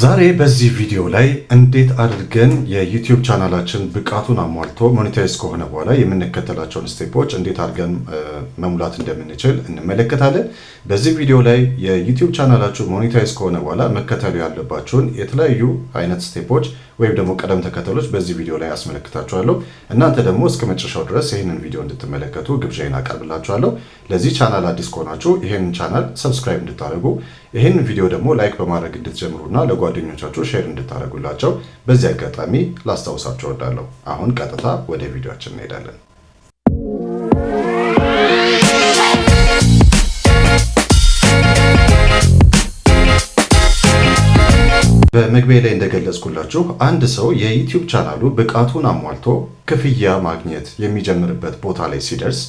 ዛሬ በዚህ ቪዲዮ ላይ እንዴት አድርገን የዩቲዩብ ቻናላችን ብቃቱን አሟልቶ ሞኔታይዝ ከሆነ በኋላ የምንከተላቸውን ስቴፖች እንዴት አድርገን መሙላት እንደምንችል እንመለከታለን። በዚህ ቪዲዮ ላይ የዩቲዩብ ቻናላችሁ ሞኔታይዝ ከሆነ በኋላ መከተሉ ያለባችሁን የተለያዩ አይነት ስቴፖች ወይም ደግሞ ቀደም ተከተሎች በዚህ ቪዲዮ ላይ አስመለክታችኋለሁ። እናንተ ደግሞ እስከ መጨረሻው ድረስ ይህንን ቪዲዮ እንድትመለከቱ ግብዣይን አቀርብላችኋለሁ። ለዚህ ቻናል አዲስ ከሆናችሁ ይህንን ቻናል ሰብስክራይብ እንድታደርጉ ይህን ቪዲዮ ደግሞ ላይክ በማድረግ እንድትጀምሩና ለጓደኞቻችሁ ሼር እንድታደርጉላቸው በዚህ አጋጣሚ ላስታውሳቸው እወዳለሁ። አሁን ቀጥታ ወደ ቪዲዮችን እንሄዳለን። በመግቢያ ላይ እንደገለጽኩላችሁ አንድ ሰው የዩቲዩብ ቻናሉ ብቃቱን አሟልቶ ክፍያ ማግኘት የሚጀምርበት ቦታ ላይ ሲደርስ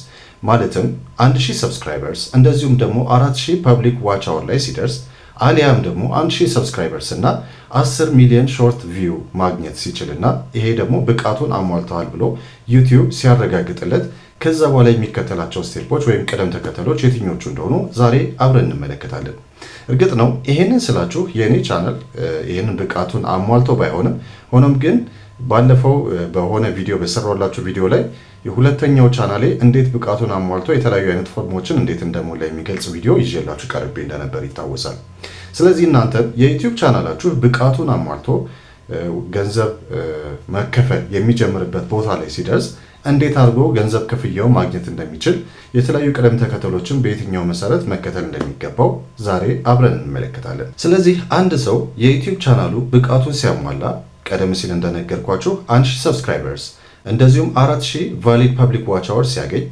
ማለትም 1000 ሰብስክራይበርስ እንደዚሁም ደግሞ 4000 ፐብሊክ ዋች አወር ላይ ሲደርስ አሊያም ደግሞ 1000 ሰብስክራይበርስ እና 10 ሚሊዮን ሾርት ቪው ማግኘት ሲችል እና ይሄ ደግሞ ብቃቱን አሟልተዋል ብሎ ዩቲዩብ ሲያረጋግጥለት ከዛ በኋላ የሚከተላቸው ስቴፖች ወይም ቅደም ተከተሎች የትኞቹ እንደሆኑ ዛሬ አብረን እንመለከታለን። እርግጥ ነው ይሄንን ስላችሁ የእኔ ቻናል ይህንን ብቃቱን አሟልቶ ባይሆንም ሆኖም ግን ባለፈው በሆነ ቪዲዮ በሰራላችሁ ቪዲዮ ላይ የሁለተኛው ቻናሌ እንዴት ብቃቱን አሟልቶ የተለያዩ አይነት ፎርሞችን እንዴት እንደሞላ የሚገልጽ ቪዲዮ ይዤላችሁ ቀርቤ እንደነበር ይታወሳል። ስለዚህ እናንተ የዩቲዩብ ቻናላችሁ ብቃቱን አሟልቶ ገንዘብ መከፈል የሚጀምርበት ቦታ ላይ ሲደርስ እንዴት አድርጎ ገንዘብ ክፍያው ማግኘት እንደሚችል የተለያዩ ቅደም ተከተሎችን በየትኛው መሰረት መከተል እንደሚገባው ዛሬ አብረን እንመለከታለን። ስለዚህ አንድ ሰው የዩቲዩብ ቻናሉ ብቃቱን ሲያሟላ ቀደም ሲል እንደነገርኳችሁ አንድ ሺህ ሰብስክራይበርስ እንደዚሁም 4000 ቫሊድ ፐብሊክ ዋች አወር ሲያገኝ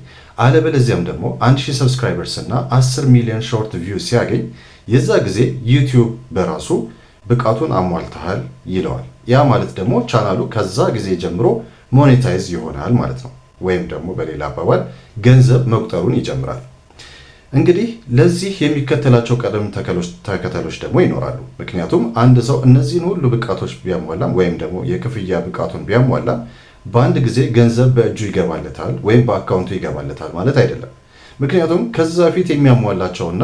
አለበለዚያም ደግሞ 1000 ሰብስክራይበርስ እና 10 ሚሊዮን ሾርት ቪው ሲያገኝ የዛ ጊዜ ዩቲዩብ በራሱ ብቃቱን አሟልተሃል ይለዋል። ያ ማለት ደግሞ ቻናሉ ከዛ ጊዜ ጀምሮ ሞኔታይዝ ይሆናል ማለት ነው። ወይም ደግሞ በሌላ አባባል ገንዘብ መቁጠሩን ይጨምራል። እንግዲህ ለዚህ የሚከተላቸው ቅደም ተከተሎች ደግሞ ይኖራሉ። ምክንያቱም አንድ ሰው እነዚህን ሁሉ ብቃቶች ቢያሟላም ወይም ደግሞ የክፍያ ብቃቱን ቢያሟላም በአንድ ጊዜ ገንዘብ በእጁ ይገባለታል ወይም በአካውንቱ ይገባለታል ማለት አይደለም። ምክንያቱም ከዛ ፊት የሚያሟላቸውና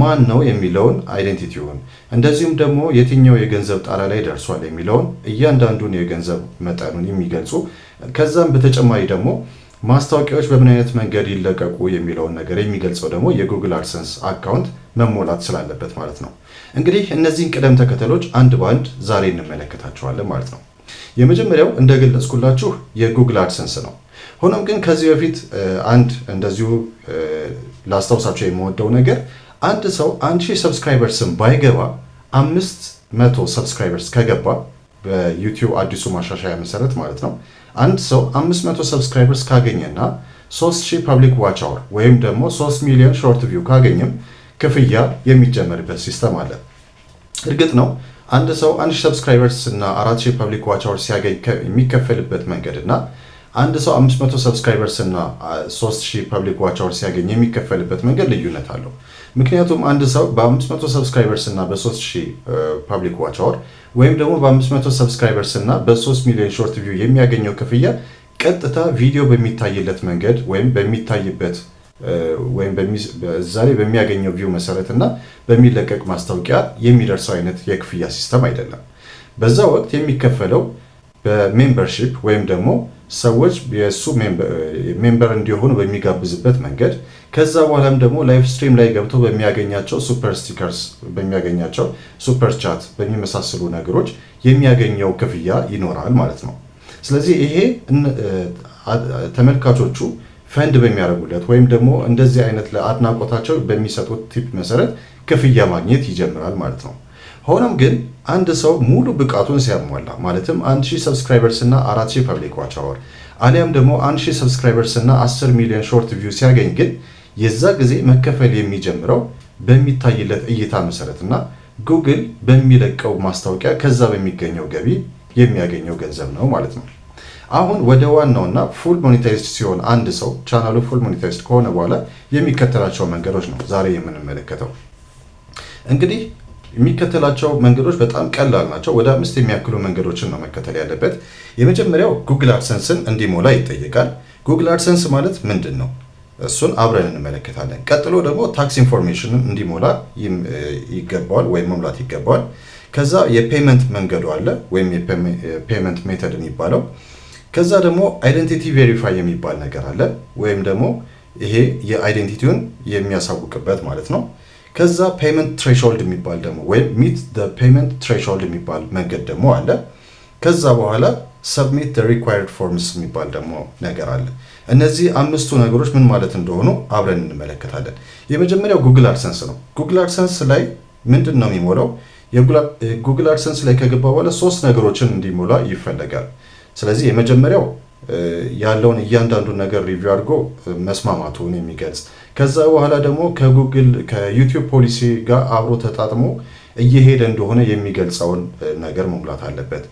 ማን ነው የሚለውን አይደንቲቲውን እንደዚሁም ደግሞ የትኛው የገንዘብ ጣሪያ ላይ ደርሷል የሚለውን እያንዳንዱን የገንዘብ መጠኑን የሚገልጹ ከዛም በተጨማሪ ደግሞ ማስታወቂያዎች በምን አይነት መንገድ ይለቀቁ የሚለውን ነገር የሚገልጸው ደግሞ የጉግል አድሰንስ አካውንት መሞላት ስላለበት ማለት ነው። እንግዲህ እነዚህን ቅደም ተከተሎች አንድ በአንድ ዛሬ እንመለከታቸዋለን ማለት ነው። የመጀመሪያው እንደገለጽኩላችሁ የጉግል አድሰንስ ነው። ሆኖም ግን ከዚህ በፊት አንድ እንደዚሁ ላስታውሳቸው የምወደው ነገር አንድ ሰው አንድ ሺህ ሰብስክራይበርስን ባይገባ አምስት መቶ ሰብስክራይበርስ ከገባ በዩቲዩብ አዲሱ ማሻሻያ መሰረት ማለት ነው። አንድ ሰው አምስት መቶ ሰብስክራይበርስ ካገኘና ሶስት ሺህ ፐብሊክ ዋች አወር ወይም ደግሞ ሶስት ሚሊዮን ሾርት ቪው ካገኘም ክፍያ የሚጀመርበት ሲስተም አለ። እርግጥ ነው አንድ ሰው አንድ ሺህ ሰብስክራይበርስ እና አራት ሺህ ፐብሊክ ዋች አወር ሲያገኝ የሚከፈልበት መንገድ እና አንድ ሰው 500 ሰብስክራይበርስ እና 3000 ፐብሊክ ዋች አወር ሲያገኝ የሚከፈልበት መንገድ ልዩነት አለው። ምክንያቱም አንድ ሰው በ500 ሰብስክራይበርስ እና በ3000 ፐብሊክ ዋች ወይም ደግሞ በ500 ሰብስክራይበርስ እና በ3 ሚሊዮን ሾርት ቪው የሚያገኘው ክፍያ ቀጥታ ቪዲዮ በሚታይለት መንገድ ወይም በሚታይበት ወይም እዛ ላይ በሚያገኘው ቪው መሰረት እና በሚለቀቅ ማስታወቂያ የሚደርሰው አይነት የክፍያ ሲስተም አይደለም። በዛ ወቅት የሚከፈለው በሜምበርሺፕ ወይም ደግሞ ሰዎች የእሱ ሜምበር እንዲሆኑ በሚጋብዝበት መንገድ ከዛ በኋላም ደግሞ ላይቭ ስትሪም ላይ ገብቶ በሚያገኛቸው ሱፐር ስቲከርስ በሚያገኛቸው ሱፐር ቻት በሚመሳሰሉ ነገሮች የሚያገኘው ክፍያ ይኖራል ማለት ነው። ስለዚህ ይሄ ተመልካቾቹ ፈንድ በሚያደርጉለት ወይም ደግሞ እንደዚህ አይነት ለአድናቆታቸው በሚሰጡት ቲፕ መሰረት ክፍያ ማግኘት ይጀምራል ማለት ነው። ሆኖም ግን አንድ ሰው ሙሉ ብቃቱን ሲያሟላ ማለትም 1000 ሰብስክራይበርስ እና 4000 ፐብሊክ ዋች አወር አሊያም ደግሞ 1000 ሰብስክራይበርስ እና 10 ሚሊዮን ሾርት ቪው ሲያገኝ ግን የዛ ጊዜ መከፈል የሚጀምረው በሚታይለት እይታ መሰረት እና ጉግል በሚለቀው ማስታወቂያ ከዛ በሚገኘው ገቢ የሚያገኘው ገንዘብ ነው ማለት ነው። አሁን ወደ ዋናውና ፉል ሞኔታይዝድ ሲሆን አንድ ሰው ቻናሉ ፉል ሞኔታይዝድ ከሆነ በኋላ የሚከተላቸው መንገዶች ነው ዛሬ የምንመለከተው። እንግዲህ የሚከተላቸው መንገዶች በጣም ቀላል ናቸው። ወደ አምስት የሚያክሉ መንገዶችን ነው መከተል ያለበት። የመጀመሪያው ጉግል አድሰንስን እንዲሞላ ይጠይቃል። ጉግል አድሰንስ ማለት ምንድን ነው? እሱን አብረን እንመለከታለን። ቀጥሎ ደግሞ ታክስ ኢንፎርሜሽንን እንዲሞላ ይገባዋል ወይም መሙላት ይገባዋል። ከዛ የፔመንት መንገዱ አለ ወይም የፔመንት ሜተድ የሚባለው። ከዛ ደግሞ አይደንቲቲ ቬሪፋይ የሚባል ነገር አለ ወይም ደግሞ ይሄ የአይደንቲቲውን የሚያሳውቅበት ማለት ነው። ከዛ ፔመንት ትሬሾልድ የሚባል ደግሞ ወይም ሚት ፔመንት ትሬሾልድ የሚባል መንገድ ደግሞ አለ። ከዛ በኋላ ሰብሚት ሪኳየርድ ፎርምስ የሚባል ደግሞ ነገር አለ። እነዚህ አምስቱ ነገሮች ምን ማለት እንደሆኑ አብረን እንመለከታለን። የመጀመሪያው ጉግል አድሰንስ ነው። ጉግል አድሰንስ ላይ ምንድን ነው የሚሞላው? ጉግል አድሰንስ ላይ ከገባ በኋላ ሶስት ነገሮችን እንዲሞላ ይፈለጋል። ስለዚህ የመጀመሪያው ያለውን እያንዳንዱን ነገር ሪቪው አድርጎ መስማማቱን የሚገልጽ ከዛ በኋላ ደግሞ ከጉግል ከዩቲዩብ ፖሊሲ ጋር አብሮ ተጣጥሞ እየሄደ እንደሆነ የሚገልጸውን ነገር መሙላት አለበት።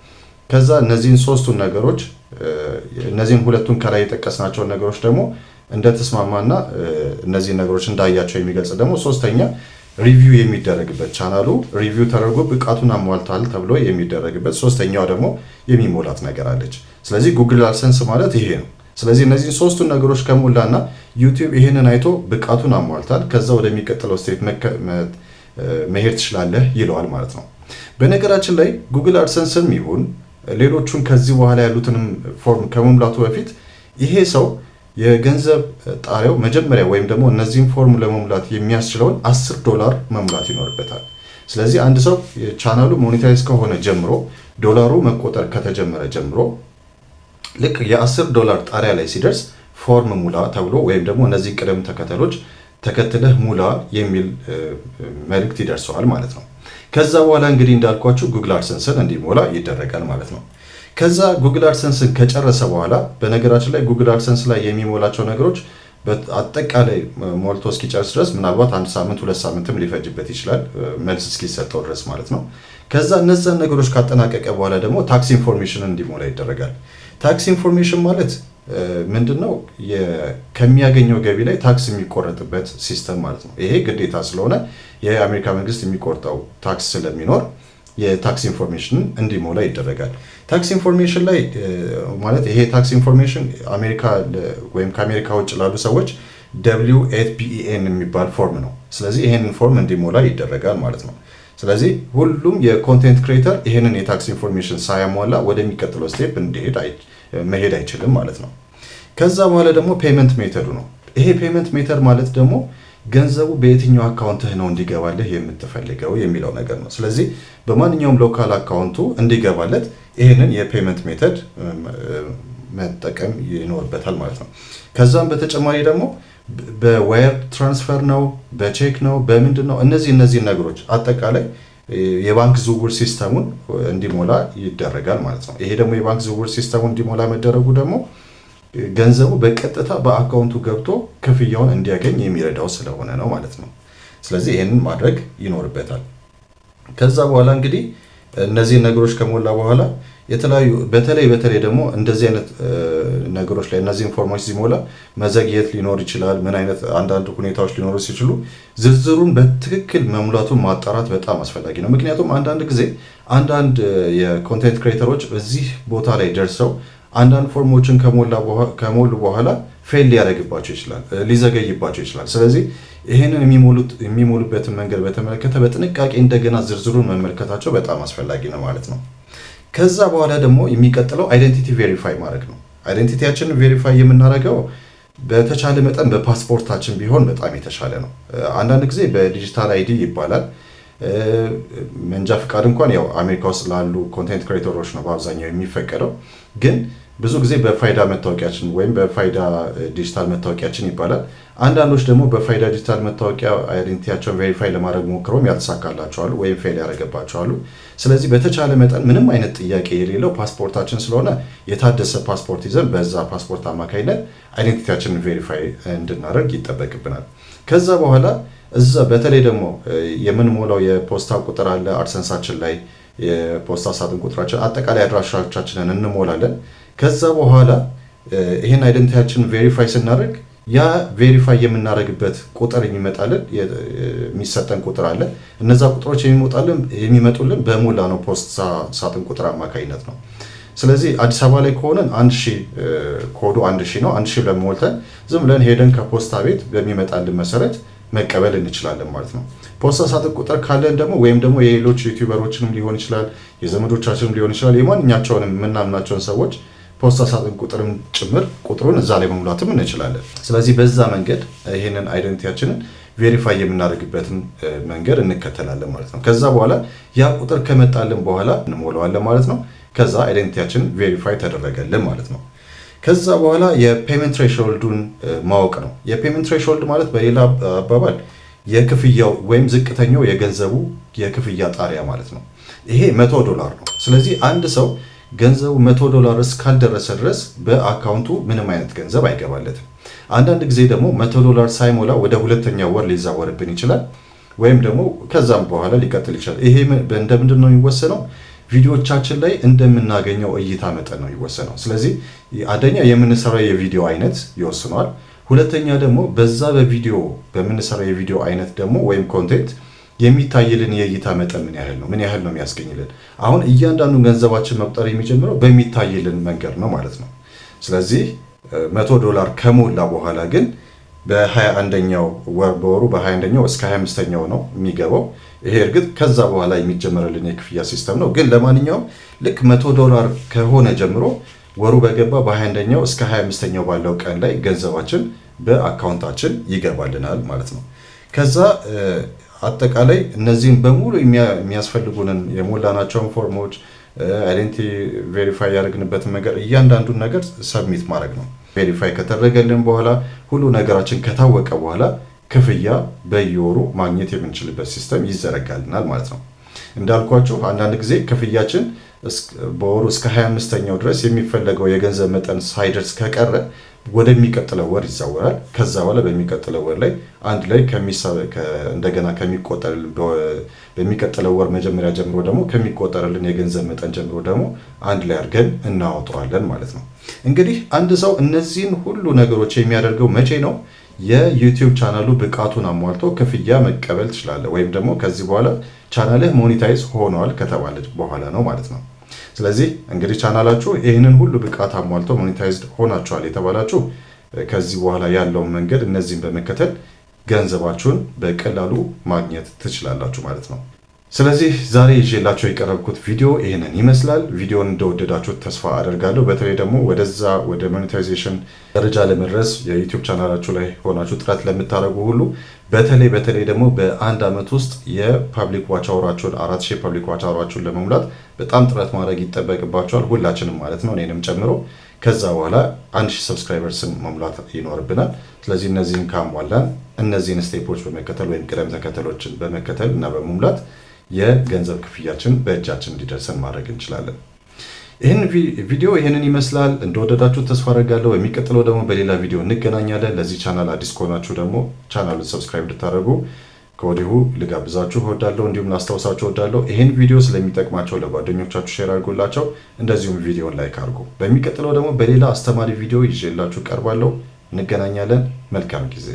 ከዛ እነዚህን ሶስቱን ነገሮች እነዚህን ሁለቱን ከላይ የጠቀስናቸውን ነገሮች ደግሞ እንደተስማማና እነዚህን ነገሮች እንዳያቸው የሚገልጽ ደግሞ ሶስተኛ ሪቪው የሚደረግበት ቻናሉ ሪቪው ተደርጎ ብቃቱን አሟልቷል ተብሎ የሚደረግበት ሶስተኛው ደግሞ የሚሞላት ነገር አለች። ስለዚህ ጉግል አድሰንስ ማለት ይሄ ነው። ስለዚህ እነዚህን ሶስቱን ነገሮች ከሞላና ዩቲዩብ ይህንን አይቶ ብቃቱን አሟልታል፣ ከዛ ወደሚቀጥለው ስቴፕ መሄድ ትችላለህ ይለዋል ማለት ነው። በነገራችን ላይ ጉግል አድሰንስም ይሁን ሌሎቹን ከዚህ በኋላ ያሉትንም ፎርም ከመሙላቱ በፊት ይሄ ሰው የገንዘብ ጣሪያው መጀመሪያ ወይም ደግሞ እነዚህን ፎርም ለመሙላት የሚያስችለውን 10 ዶላር መሙላት ይኖርበታል። ስለዚህ አንድ ሰው ቻናሉ ሞኔታይዝ ከሆነ ጀምሮ ዶላሩ መቆጠር ከተጀመረ ጀምሮ ልክ የ10 ዶላር ጣሪያ ላይ ሲደርስ ፎርም ሙላ ተብሎ ወይም ደግሞ እነዚህ ቅደም ተከተሎች ተከትለህ ሙላ የሚል መልእክት ይደርሰዋል ማለት ነው። ከዛ በኋላ እንግዲህ እንዳልኳችሁ ጉግል አድሰንስን እንዲሞላ ይደረጋል ማለት ነው። ከዛ ጉግል አድሰንስን ከጨረሰ በኋላ በነገራችን ላይ ጉግል አድሰንስ ላይ የሚሞላቸው ነገሮች አጠቃላይ ሞልቶ እስኪጨርስ ድረስ ምናልባት አንድ ሳምንት ሁለት ሳምንትም ሊፈጅበት ይችላል፣ መልስ እስኪሰጠው ድረስ ማለት ነው። ከዛ እነዛን ነገሮች ካጠናቀቀ በኋላ ደግሞ ታክስ ኢንፎርሜሽን እንዲሞላ ይደረጋል። ታክስ ኢንፎርሜሽን ማለት ምንድነው ከሚያገኘው ገቢ ላይ ታክስ የሚቆረጥበት ሲስተም ማለት ነው። ይሄ ግዴታ ስለሆነ የአሜሪካ መንግስት የሚቆርጠው ታክስ ስለሚኖር የታክስ ኢንፎርሜሽንን እንዲሞላ ይደረጋል። ታክስ ኢንፎርሜሽን ላይ ማለት ይሄ ታክስ ኢንፎርሜሽን አሜሪካ ወይም ከአሜሪካ ውጭ ላሉ ሰዎች ደብሊው ኤት ቢኢኤን የሚባል ፎርም ነው። ስለዚህ ይሄንን ፎርም እንዲሞላ ይደረጋል ማለት ነው። ስለዚህ ሁሉም የኮንቴንት ክሬተር ይሄንን የታክስ ኢንፎርሜሽን ሳያሟላ ወደሚቀጥለው ስቴፕ እንዲሄድ መሄድ አይችልም ማለት ነው። ከዛ በኋላ ደግሞ ፔመንት ሜተዱ ነው። ይሄ ፔመንት ሜተድ ማለት ደግሞ ገንዘቡ በየትኛው አካውንትህ ነው እንዲገባልህ የምትፈልገው የሚለው ነገር ነው። ስለዚህ በማንኛውም ሎካል አካውንቱ እንዲገባለት ይህንን የፔመንት ሜተድ መጠቀም ይኖርበታል ማለት ነው። ከዛም በተጨማሪ ደግሞ በዋየር ትራንስፈር ነው፣ በቼክ ነው፣ በምንድን ነው እነዚህ እነዚህ ነገሮች አጠቃላይ የባንክ ዝውውር ሲስተሙን እንዲሞላ ይደረጋል ማለት ነው። ይሄ ደግሞ የባንክ ዝውውር ሲስተሙን እንዲሞላ መደረጉ ደግሞ ገንዘቡ በቀጥታ በአካውንቱ ገብቶ ክፍያውን እንዲያገኝ የሚረዳው ስለሆነ ነው ማለት ነው። ስለዚህ ይህንን ማድረግ ይኖርበታል። ከዛ በኋላ እንግዲህ እነዚህ ነገሮች ከሞላ በኋላ የተለያዩ በተለይ በተለይ ደግሞ እንደዚህ አይነት ነገሮች ላይ እነዚህ ኢንፎርሜሽን ሲሞላ መዘግየት ሊኖር ይችላል። ምን አይነት አንዳንድ ሁኔታዎች ሊኖሩ ሲችሉ ዝርዝሩን በትክክል መሙላቱን ማጣራት በጣም አስፈላጊ ነው። ምክንያቱም አንዳንድ ጊዜ አንዳንድ የኮንቴንት ክሬተሮች በዚህ ቦታ ላይ ደርሰው አንዳንድ ፎርሞችን ከሞሉ በኋላ ፌል ሊያደርግባቸው ይችላል፣ ሊዘገይባቸው ይችላል። ስለዚህ ይህንን የሚሞሉበትን መንገድ በተመለከተ በጥንቃቄ እንደገና ዝርዝሩን መመልከታቸው በጣም አስፈላጊ ነው ማለት ነው። ከዛ በኋላ ደግሞ የሚቀጥለው አይደንቲቲ ቬሪፋይ ማድረግ ነው። አይደንቲቲያችንን ቬሪፋይ የምናደርገው በተቻለ መጠን በፓስፖርታችን ቢሆን በጣም የተሻለ ነው። አንዳንድ ጊዜ በዲጂታል አይዲ ይባላል። መንጃ ፍቃድ እንኳን ያው አሜሪካ ውስጥ ላሉ ኮንቴንት ክሬተሮች ነው በአብዛኛው የሚፈቀደው። ግን ብዙ ጊዜ በፋይዳ መታወቂያችን ወይም በፋይዳ ዲጂታል መታወቂያችን ይባላል። አንዳንዶች ደግሞ በፋይዳ ዲጂታል መታወቂያ አይደንቲቲያቸውን ቬሪፋይ ለማድረግ ሞክረውም ያልተሳካላቸዋሉ ወይም ፌል ያደረገባቸዋሉ። ስለዚህ በተቻለ መጠን ምንም አይነት ጥያቄ የሌለው ፓስፖርታችን ስለሆነ የታደሰ ፓስፖርት ይዘን በዛ ፓስፖርት አማካኝነት አይደንቲቲያችንን ቬሪፋይ እንድናደርግ ይጠበቅብናል። ከዛ በኋላ እዛ በተለይ ደግሞ የምንሞላው የፖስታ ቁጥር አለ አድሰንሳችን ላይ የፖስታ ሳጥን ቁጥራችን፣ አጠቃላይ አድራሻቻችንን እንሞላለን። ከዛ በኋላ ይህን አይደንቲቲያችን ቬሪፋይ ስናደርግ ያ ቬሪፋይ የምናደርግበት ቁጥር የሚመጣልን የሚሰጠን ቁጥር አለ። እነዛ ቁጥሮች የሚመጡልን በሞላ ነው ፖስታ ሳጥን ቁጥር አማካኝነት ነው። ስለዚህ አዲስ አበባ ላይ ከሆነን አንድ ሺህ ኮዱ አንድ ሺህ ነው። አንድ ሺህ ብለን ሞልተን ዝም ብለን ሄደን ከፖስታ ቤት በሚመጣልን መሰረት መቀበል እንችላለን ማለት ነው። በወሳሳተ ቁጥር ካለን ደግሞ ወይም ደግሞ የሌሎች ዩቲዩበሮችንም ሊሆን ይችላል የዘመዶቻችንም ሊሆን ይችላል የማንኛቸውንም የምናምናቸውን ሰዎች ፖስታ ሳጥን ቁጥርም ጭምር ቁጥሩን እዛ ላይ መሙላትም እንችላለን። ስለዚህ በዛ መንገድ ይህንን አይደንቲቲያችንን ቬሪፋይ የምናደርግበትን መንገድ እንከተላለን ማለት ነው። ከዛ በኋላ ያ ቁጥር ከመጣልን በኋላ እንሞላዋለን ማለት ነው። ከዛ አይደንቲቲያችን ቬሪፋይ ተደረገልን ማለት ነው። ከዛ በኋላ የፔመንት ትሬሾልዱን ማወቅ ነው። የፔመንት ትሬሾልድ ማለት በሌላ አባባል የክፍያው ወይም ዝቅተኛው የገንዘቡ የክፍያ ጣሪያ ማለት ነው። ይሄ መቶ ዶላር ነው። ስለዚህ አንድ ሰው ገንዘቡ መቶ ዶላር እስካልደረሰ ድረስ በአካውንቱ ምንም አይነት ገንዘብ አይገባለትም። አንዳንድ ጊዜ ደግሞ መቶ ዶላር ሳይሞላ ወደ ሁለተኛ ወር ሊዛወርብን ይችላል፣ ወይም ደግሞ ከዛም በኋላ ሊቀጥል ይችላል። ይሄ እንደምንድን ነው የሚወሰነው? ቪዲዮቻችን ላይ እንደምናገኘው እይታ መጠን ነው የሚወሰነው። ስለዚህ አንደኛ የምንሰራው የቪዲዮ አይነት ይወስነዋል። ሁለተኛ ደግሞ በዛ በቪዲዮ በምንሰራው የቪዲዮ አይነት ደግሞ ወይም ኮንቴንት የሚታይልን የእይታ መጠን ምን ያህል ነው? ምን ያህል ነው የሚያስገኝልን? አሁን እያንዳንዱን ገንዘባችን መቁጠር የሚጀምረው በሚታይልን መንገድ ነው ማለት ነው። ስለዚህ መቶ ዶላር ከሞላ በኋላ ግን በ21ኛው ወር በወሩ በ21ኛው እስከ 25ኛው ነው የሚገባው። ይሄ እርግጥ ከዛ በኋላ የሚጀመርልን የክፍያ ሲስተም ነው። ግን ለማንኛውም ልክ መቶ ዶላር ከሆነ ጀምሮ ወሩ በገባ በ21ኛው እስከ 25ኛው ባለው ቀን ላይ ገንዘባችን በአካውንታችን ይገባልናል ማለት ነው። ከዛ አጠቃላይ እነዚህን በሙሉ የሚያስፈልጉንን የሞላናቸውን ፎርሞች አይደንቲ ቬሪፋይ ያደረግንበትን ነገር እያንዳንዱን ነገር ሰብሚት ማድረግ ነው። ቬሪፋይ ከተደረገልን በኋላ ሁሉ ነገራችን ከታወቀ በኋላ ክፍያ በየወሩ ማግኘት የምንችልበት ሲስተም ይዘረጋልናል ማለት ነው። እንዳልኳችሁ አንዳንድ ጊዜ ክፍያችን በወሩ እስከ 25ኛው ድረስ የሚፈለገው የገንዘብ መጠን ሳይደርስ ከቀረ ወደሚቀጥለው ወር ይዛወራል። ከዛ በኋላ በሚቀጥለው ወር ላይ አንድ ላይ እንደገና ከሚቆጠር በሚቀጥለው ወር መጀመሪያ ጀምሮ ደግሞ ከሚቆጠርልን የገንዘብ መጠን ጀምሮ ደግሞ አንድ ላይ አድርገን እናወጣዋለን ማለት ነው። እንግዲህ አንድ ሰው እነዚህን ሁሉ ነገሮች የሚያደርገው መቼ ነው? የዩቲዩብ ቻናሉ ብቃቱን አሟልቶ ክፍያ መቀበል ትችላለህ፣ ወይም ደግሞ ከዚህ በኋላ ቻናልህ ሞኒታይዝ ሆኗል ከተባለ በኋላ ነው ማለት ነው። ስለዚህ እንግዲህ ቻናላችሁ ይህንን ሁሉ ብቃት አሟልቶ ሞኔታይዝድ ሆናችኋል የተባላችሁ ከዚህ በኋላ ያለውን መንገድ እነዚህን በመከተል ገንዘባችሁን በቀላሉ ማግኘት ትችላላችሁ ማለት ነው። ስለዚህ ዛሬ ይዤላቸው የቀረብኩት ቪዲዮ ይህንን ይመስላል። ቪዲዮን እንደወደዳችሁት ተስፋ አደርጋለሁ። በተለይ ደግሞ ወደዛ ወደ ሞኔታይዜሽን ደረጃ ለመድረስ የዩቲዩብ ቻናላችሁ ላይ ሆናችሁ ጥረት ለምታደርጉ ሁሉ በተለይ በተለይ ደግሞ በአንድ ዓመት ውስጥ የፐብሊክ ዋች አወራችሁን አራት ሺህ ፐብሊክ ዋች አወራችሁን ለመሙላት በጣም ጥረት ማድረግ ይጠበቅባችኋል፣ ሁላችንም ማለት ነው፣ እኔንም ጨምሮ። ከዛ በኋላ አንድ ሺህ ሰብስክራይበርስን መሙላት ይኖርብናል። ስለዚህ እነዚህን ካሟላን እነዚህን ስቴፖች በመከተል ወይም ቅደም ተከተሎችን በመከተል እና በመሙላት የገንዘብ ክፍያችን በእጃችን እንዲደርሰን ማድረግ እንችላለን። ይህን ቪዲዮ ይህንን ይመስላል። እንደወደዳችሁ ተስፋ አደርጋለሁ። የሚቀጥለው ደግሞ በሌላ ቪዲዮ እንገናኛለን። ለዚህ ቻናል አዲስ ከሆናችሁ ደግሞ ቻናሉን ሰብስክራይብ እንድታደርጉ ከወዲሁ ልጋብዛችሁ እወዳለሁ። እንዲሁም ላስታውሳችሁ እወዳለሁ። ይህን ቪዲዮ ስለሚጠቅማቸው ለጓደኞቻችሁ ሼር አድርጉላቸው። እንደዚሁም ቪዲዮን ላይክ አድርጉ። በሚቀጥለው ደግሞ በሌላ አስተማሪ ቪዲዮ ይዤላችሁ ቀርባለሁ። እንገናኛለን። መልካም ጊዜ